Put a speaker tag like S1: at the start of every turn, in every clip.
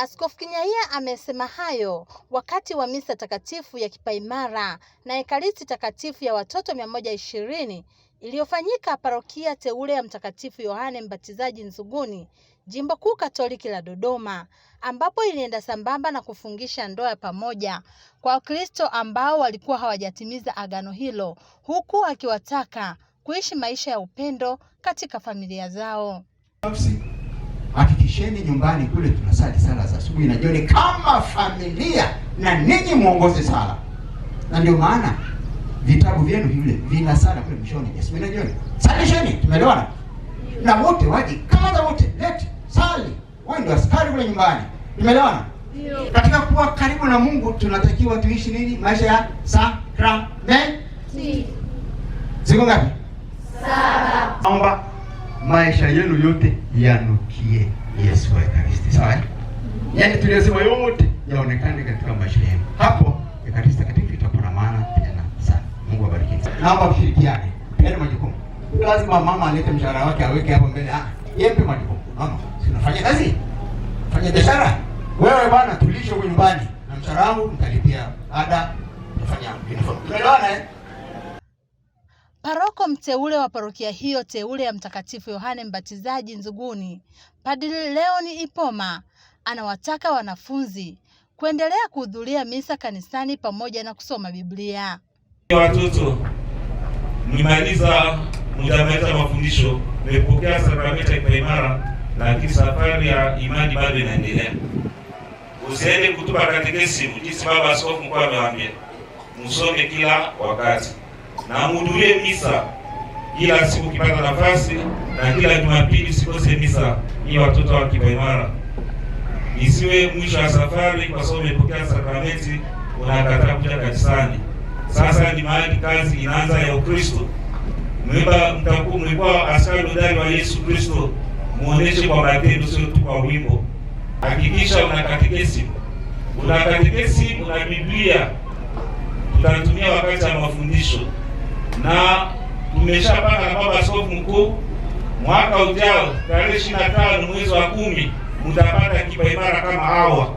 S1: Askofu Kinyaiya amesema hayo wakati wa misa takatifu ya kipaimara na ekaristi takatifu ya watoto mia moja ishirini iliyofanyika parokia teule ya Mtakatifu Yohane Mbatizaji Nzuguni, Jimbo Kuu Katoliki la Dodoma, ambapo ilienda sambamba na kufungisha ndoa ya pamoja kwa Wakristo ambao walikuwa hawajatimiza agano hilo, huku akiwataka kuishi maisha ya upendo katika familia zao.
S2: Hakikisheni nyumbani kule tunasali sala za asubuhi na jioni kama familia, na ninyi muongoze sala, na ndio maana vitabu vyenu vile vina sala kule mshoni, asubuhi na jioni. Salisheni, tumeelewana na wote waje, kama wote, leti sali, wewe ndio askari kule nyumbani, tumeelewana. Katika kuwa karibu na Mungu tunatakiwa tuishi nini? Maisha ya sakramenti. Ziko ngapi?
S3: Saba.
S2: Naomba maisha yenu yote yanukie Yesu wa Ekaristi. Sawa? Yaani tuliyosema yote yaonekane katika maisha yenu. Hapo Ekaristi Takatifu itakuwa na maana tena sana. Mungu awabariki. Naomba mshirikiane. Peana majukumu. Lazima mama alete mshahara wake aweke hapo mbele. Ah, majukumu. Mama, sinafanya kazi? Fanya biashara. Wewe bwana tulisho huko nyumbani na mshahara wangu mtalipia ada. Tafanya uniform. Unaelewana eh?
S1: Paroko mteule wa parokia hiyo teule ya Mtakatifu Yohane Mbatizaji Nzuguni, Padri Leon Ipoma anawataka wanafunzi kuendelea kuhudhuria misa kanisani pamoja na kusoma Biblia.
S4: Watoto mmaliza, mjamaliza mafundisho, mmepokea sakramenti ya kipaimara, lakini safari ya imani bado inaendelea. Usiende kutupa katekesimu, jinsi baba askofu mkuu amewaambia, msome kila wakati na muhudhurie misa kila siku kipata nafasi, na kila Jumapili sikose misa ni watoto wa Kipaimara isiwe mwisho wa safari, kwa sababu umepokea sakramenti unakataa kuja kanisani. Sasa ni mahali kazi inaanza ya Ukristo. Mlikuwa askari hodari wa Yesu Kristo, muoneshe kwa matendo, sio tu kwa wimbo. Hakikisha una katekesi, una katekesi, una Biblia, tutatumia wakati wa mafundisho na tumeshapanga na baba askofu mkuu, mwaka ujao tarehe 25 mwezi wa kumi mtapata kipaimara kama hawa.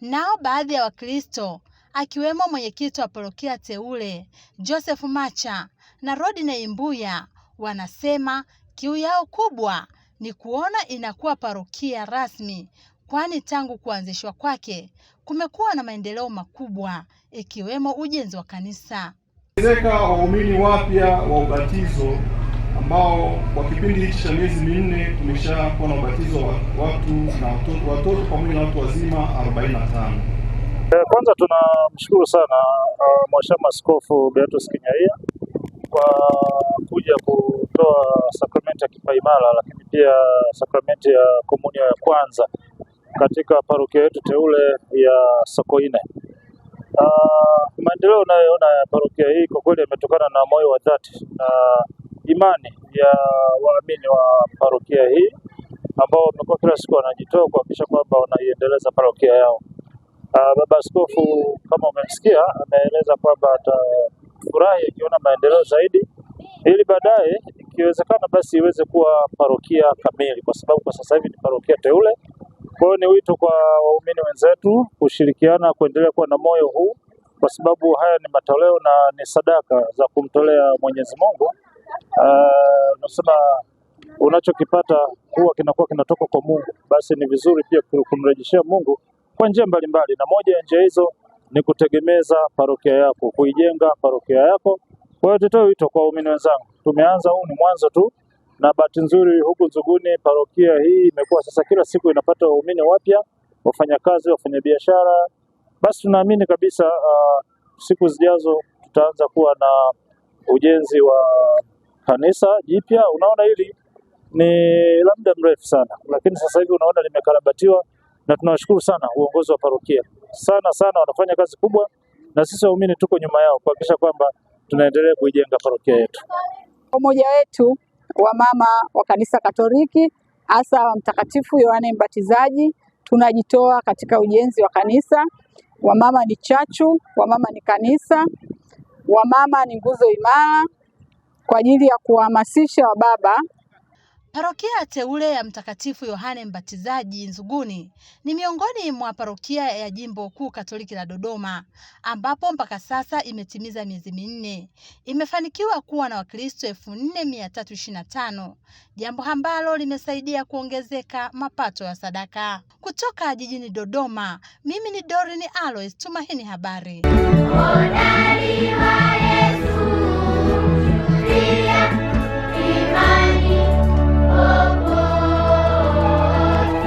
S1: Nao baadhi ya Wakristo akiwemo mwenyekiti wa parokia teule Joseph Macha na Rodney Mbuya wanasema kiu yao kubwa ni kuona inakuwa parokia rasmi, kwani tangu kuanzishwa kwake kumekuwa na maendeleo makubwa ikiwemo ujenzi wa kanisa
S5: ezeka waumini wapya wa ubatizo ambao kwa kipindi hichi cha miezi minne tumeshakuwa na ubatizo wa watu na watoto, watoto pamoja na watu wazima 45.
S6: Eh, kwanza tunamshukuru sana uh, eh, Mhashamu Askofu Beatus Kinyaia kwa kuja kutoa sakramenti ya kipaimara, lakini pia sakramenti ya komunio ya kwanza katika parokia yetu teule ya Sokoine. Uh, maendeleo unayoona ya parokia hii kwa kweli yametokana na moyo wa dhati na imani ya waamini wa parokia hii ambao wamekuwa kila siku wanajitoa kuhakikisha kwamba wanaiendeleza parokia yao. Uh, baba askofu kama umemsikia, ameeleza kwamba atafurahi akiona maendeleo zaidi, ili baadaye ikiwezekana basi iweze kuwa parokia kamili, kwa sababu kwa sasa hivi ni parokia teule. Kwa hiyo ni wito kwa waumini wenzetu kushirikiana kuendelea kuwa na moyo huu, kwa sababu haya ni matoleo na ni sadaka za kumtolea Mwenyezi Mungu. Unasema ah, uh, unachokipata huwa kinakuwa kinatoka kwa Mungu, basi ni vizuri pia kumrejeshea Mungu kwa njia mbalimbali, na moja ya njia hizo ni kutegemeza parokia yako, kuijenga parokia yako. Kwa hiyo tutoe wito kwa waumini wenzangu, tumeanza huu ni mwanzo tu na bahati nzuri huku Nzuguni parokia hii imekuwa sasa kila siku inapata waumini wapya, wafanyakazi, wafanyabiashara. Basi tunaamini kabisa uh, siku zijazo tutaanza kuwa na ujenzi wa kanisa jipya. Unaona hili ni la muda mrefu sana, lakini sasa hivi unaona limekarabatiwa, na tunawashukuru sana uongozi wa parokia sana sana, wanafanya kazi kubwa, na sisi waumini tuko nyuma yao kuhakikisha kwamba tunaendelea kuijenga parokia yetu.
S7: Umoja wetu wamama wa kanisa Katoliki, hasa wa Mtakatifu Yohane Mbatizaji. Tunajitoa katika ujenzi wa kanisa. Wamama ni chachu, wamama ni kanisa, wamama ni nguzo imara kwa ajili ya kuwahamasisha wababa
S1: Parokia teule ya Mtakatifu Yohane Mbatizaji Nzuguni ni miongoni mwa parokia ya Jimbo Kuu Katoliki la Dodoma ambapo mpaka sasa imetimiza miezi minne. Imefanikiwa kuwa na Wakristo elfu jambo ambalo limesaidia kuongezeka mapato ya sadaka. Kutoka jijini Dodoma, mimi ni Dorine Alois Tumaini, habari